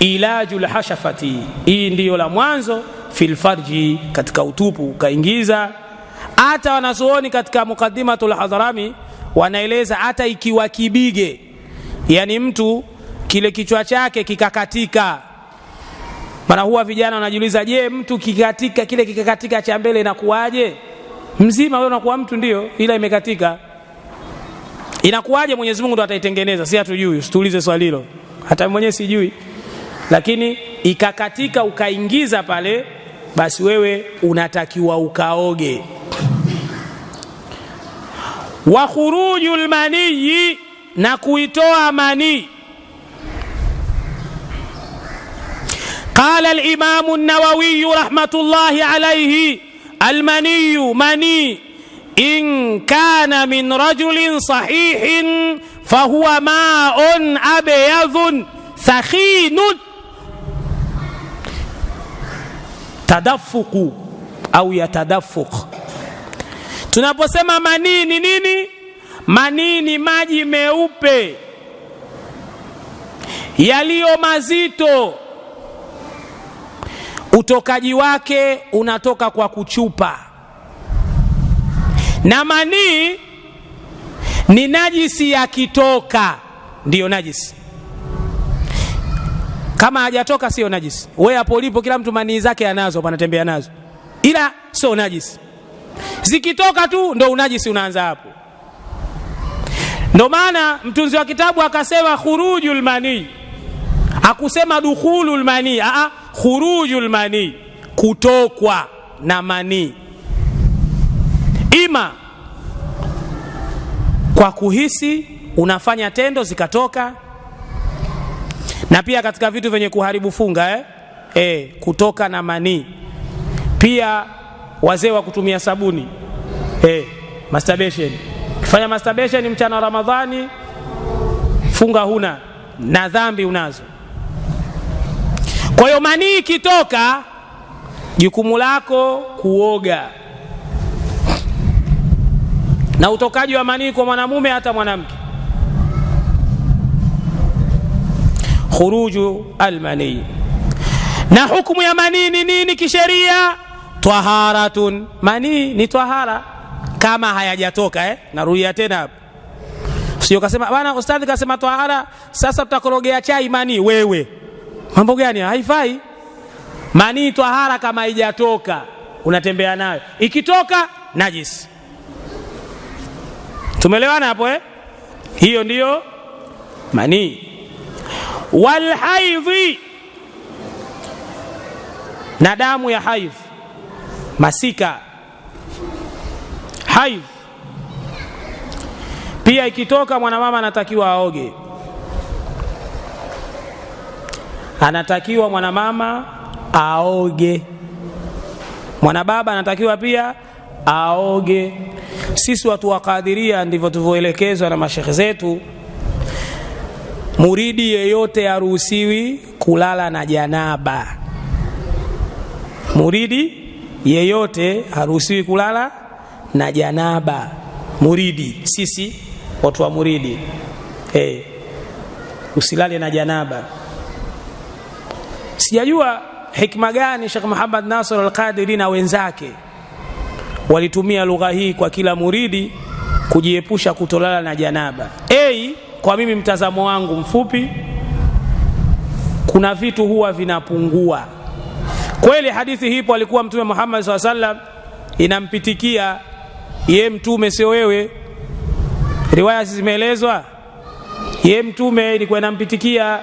ilaju lhashafati, hii ndiyo la mwanzo filfarji, katika utupu ukaingiza. Hata wanazuoni katika mukaddimatul hadharami wanaeleza hata ikiwa kibige, yani mtu kile kichwa chake kikakatika maana huwa vijana wanajiuliza, je, mtu kikatika kile kikakatika cha mbele inakuwaje? Mzima wewe unakuwa mtu ndio, ila imekatika inakuwaje? Mwenyezi Mungu ndo ataitengeneza, si hatujui. Usituulize swali hilo, hata mwenyewe sijui. lakini ikakatika ukaingiza pale, basi wewe unatakiwa ukaoge. Wa khurujul mani na kuitoa manii. قال الإمام النووي رحمة الله عليه المني مني إن كان من رجل صحيح فهو ماء أبيض ثخين tadafuku au yatadafuk. Tunaposema manii ni nini? Manii ni maji meupe yaliyo mazito, utokaji wake unatoka kwa kuchupa, na manii ni najisi yakitoka, ndiyo najisi kama hajatoka sio najisi. Wewe hapo ulipo, kila mtu manii zake anazo, panatembea nazo, ila sio najisi. Zikitoka tu ndo unajisi unaanza hapo. Ndo maana mtunzi wa kitabu akasema khuruju lmanii, akusema dukhulu lmanii. Aa, khuruju lmanii, kutokwa na manii, ima kwa kuhisi unafanya tendo zikatoka na pia katika vitu vyenye kuharibu funga eh? Eh, kutoka na manii pia wazee wa kutumia sabuni eh, masturbation kifanya masturbation mchana wa ramadhani funga huna na dhambi unazo kwa hiyo manii ikitoka jukumu lako kuoga na utokaji wa manii kwa mwanamume hata mwanamke khuruju almanii na hukumu ya manii ni nini kisheria taharatun manii ni tahara kama hayajatoka eh? narudia tena sio kasema bana ustadhi kasema tahara sasa tutakorogea chai manii wewe mambo gani haifai manii tahara kama haijatoka unatembea nayo ikitoka najisi tumeelewana hapo eh? hiyo ndiyo manii walhaidhi, na damu ya haidh, masika haidh. Pia ikitoka mwanamama anatakiwa aoge, anatakiwa mwanamama aoge, mwanababa anatakiwa pia aoge. Sisi watu wa ndivyo tulivyoelekezwa na mashekhe zetu. Muridi yeyote haruhusiwi kulala na janaba. Muridi yeyote haruhusiwi kulala na janaba. Muridi sisi watu wa muridi hey, usilale na janaba. Sijajua hikma gani Sheikh Muhammad Nasr al-Qadiri na wenzake walitumia lugha hii kwa kila muridi kujiepusha kutolala na janaba. Hey, kwa mimi mtazamo wangu mfupi, kuna vitu huwa vinapungua kweli. Hadithi hipo alikuwa Mtume Muhammad SAW sallam, inampitikia ye mtume, sio wewe. Riwaya zimeelezwa ye mtume ilikuwa inampitikia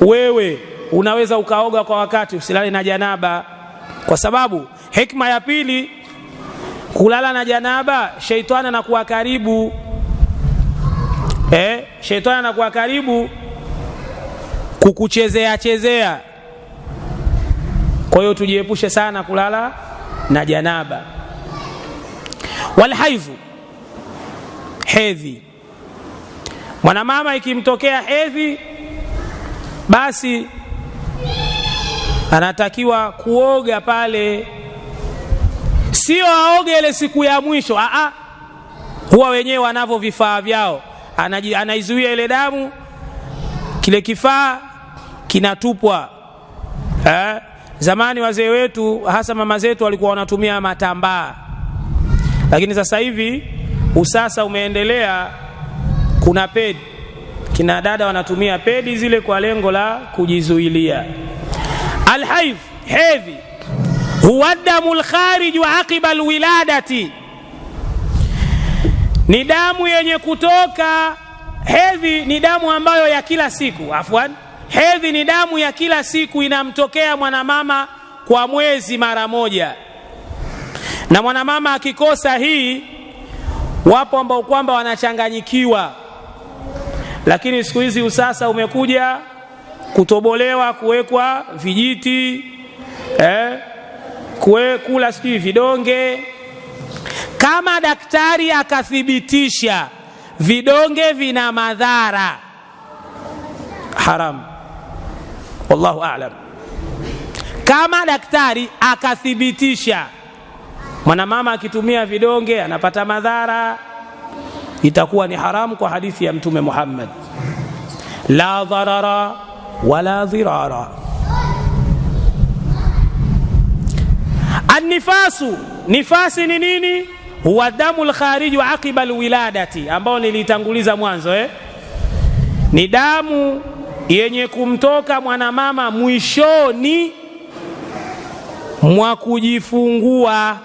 wewe. Unaweza ukaoga kwa wakati, usilale na janaba, kwa sababu hikma ya pili, kulala na janaba, sheitani anakuwa karibu eh, shetani anakuwa karibu kukuchezea chezea. Kwa hiyo tujiepushe sana kulala na janaba. Walhaidhu, hedhi. Mwanamama ikimtokea hedhi, basi anatakiwa kuoga pale, sio aoge ile siku ya mwisho. Aa, huwa wenyewe wanavyo vifaa vyao anaizuia ile damu, kile kifaa kinatupwa eh? Zamani wazee wetu hasa mama zetu walikuwa wanatumia matambaa, lakini sasa hivi usasa umeendelea, kuna pedi. Kina dada wanatumia pedi zile kwa lengo la kujizuilia. alhaif hedhi huwa damu lkhariju aqiba lwiladati ni damu yenye kutoka hedhi ni damu ambayo ya kila siku afwan hedhi ni damu ya kila siku inamtokea mwanamama kwa mwezi mara moja na mwanamama akikosa hii wapo ambao kwamba wanachanganyikiwa lakini siku hizi usasa umekuja kutobolewa kuwekwa vijiti eh, kue, kula sijui vidonge kama daktari akathibitisha vidonge vina madhara, haram. Wallahu aalam. Kama daktari akathibitisha mwanamama akitumia vidonge anapata madhara, itakuwa ni haramu kwa hadithi ya Mtume Muhammad, la dharara wala dhirara. Annifasu, nifasi ni nini? huwa damu lkhariju aqiba lwiladati, ambao nilitanguliza mwanzo eh? ni damu yenye kumtoka mwanamama mwishoni mwa kujifungua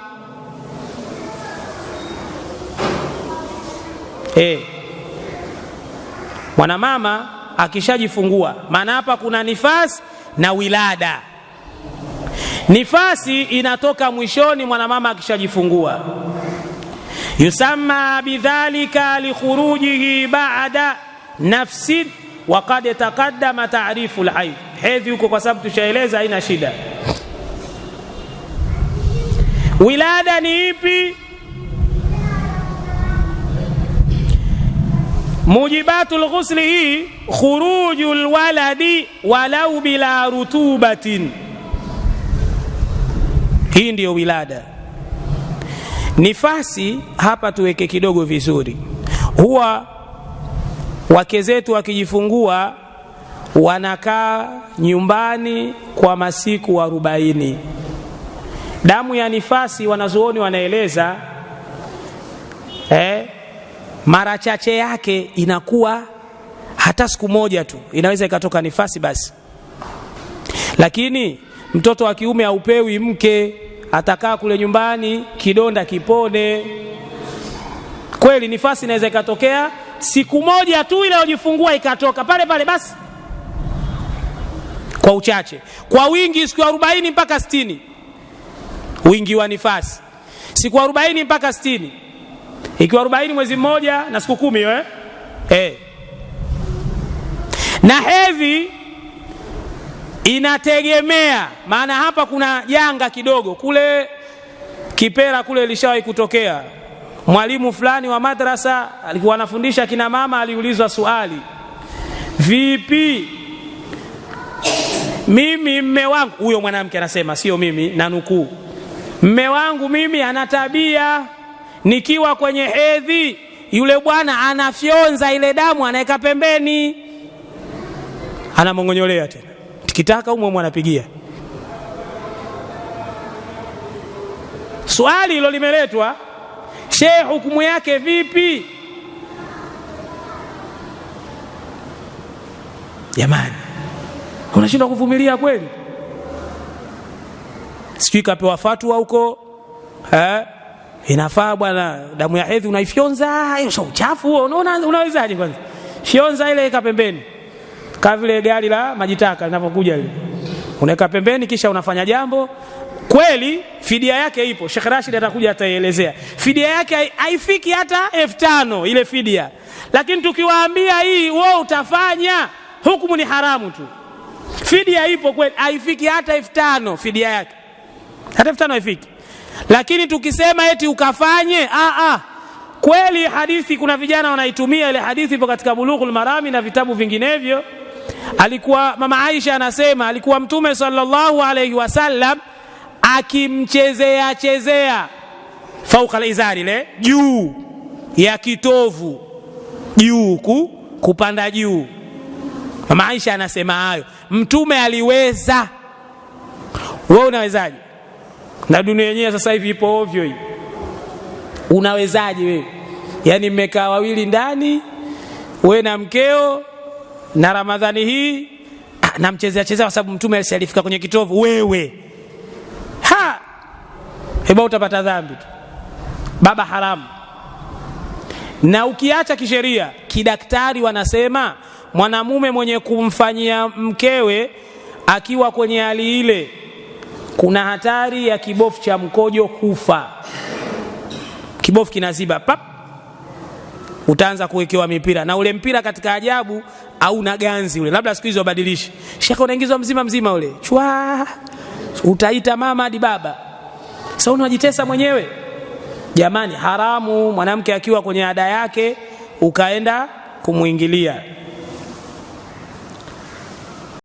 eh. Mwanamama akishajifungua, maana hapa kuna nifasi na wilada. Nifasi inatoka mwishoni mwanamama akishajifungua yusamma bidhalika likhurujihi ba'da nafsin wa qad taqaddama ta'rifu alhayd hedhi huko kwa sababu tushaeleza haina shida wilada ni ipi mujibatu lghusli hii khuruju lwaladi walau bila rutubatin hii ndiyo wilada Nifasi hapa tuweke kidogo vizuri, huwa wake zetu wakijifungua wanakaa nyumbani kwa masiku arobaini. Damu ya nifasi wanazuoni wanaeleza eh, mara chache yake inakuwa hata siku moja tu inaweza ikatoka nifasi basi, lakini mtoto wa kiume haupewi mke atakaa kule nyumbani, kidonda kipone. Kweli nifasi inaweza ikatokea siku moja tu inayojifungua ikatoka pale pale, basi kwa uchache, kwa wingi siku arobaini mpaka sitini wingi wa nifasi siku arobaini mpaka sitini ikiwa arobaini mwezi mmoja na siku kumi eh? Eh. na hedhi inategemea. Maana hapa kuna janga kidogo, kule Kipera kule ilishawahi kutokea. Mwalimu fulani wa madrasa alikuwa anafundisha kina mama, aliulizwa swali, vipi mimi mme wangu huyo mwanamke anasema, sio mimi na nukuu, mme wangu mimi ana tabia, nikiwa kwenye hedhi yule bwana anafyonza ile damu, anaweka pembeni, anamong'onyolea tena kitaka umwe mwanapigia Swali hilo limeletwa, shehe, hukumu yake vipi? Jamani, unashindwa kuvumilia kweli? Sijui kapewa fatwa huko eh? Inafaa bwana, damu ya hedhi unaifyonza, hiyo uchafu. Unaona, unawezaje? Kwanza fyonza ile, ika pembeni kama vile gari la majitaka linavyokuja hivi, unaweka pembeni, kisha unafanya jambo kweli. Fidia yake ipo, Sheikh Rashid atakuja ataielezea. Fidia yake haifiki hata elfu tano ile fidia, lakini tukiwaambia hii wewe utafanya, hukumu ni haramu tu. Fidia ipo kweli, haifiki hata elfu tano fidia yake, hata elfu tano haifiki. Lakini tukisema eti ukafanye, a a kweli hadithi, kuna vijana wanaitumia ile hadithi, ipo katika Bulughul Marami na vitabu vinginevyo alikuwa mama Aisha anasema alikuwa mtume sallallahu alayhi wasallam akimchezea chezea fauka alizari le juu ya kitovu juu ku kupanda juu mama Aisha anasema hayo mtume aliweza wewe unawezaje na dunia yenyewe sasa hivi ipo ovyo hii unawezaje wewe yaani mmekaa wawili ndani we na mkeo na Ramadhani hii namchezea chezea, kwa sababu Mtume alifika kwenye kitovu. Wewe ha heba, utapata dhambi tu baba haramu. Na ukiacha kisheria, kidaktari wanasema mwanamume mwenye kumfanyia mkewe akiwa kwenye hali ile, kuna hatari ya kibofu cha mkojo kufa. Kibofu kinaziba pap utaanza kuwekewa mipira na ule mpira katika ajabu au na ganzi ule, labda siku hizi wabadilishi, shekhe, unaingizwa mzima mzima ule chwa, utaita mama hadi baba. Sasa unajitesa mwenyewe jamani, haramu. Mwanamke akiwa kwenye ada yake ukaenda kumwingilia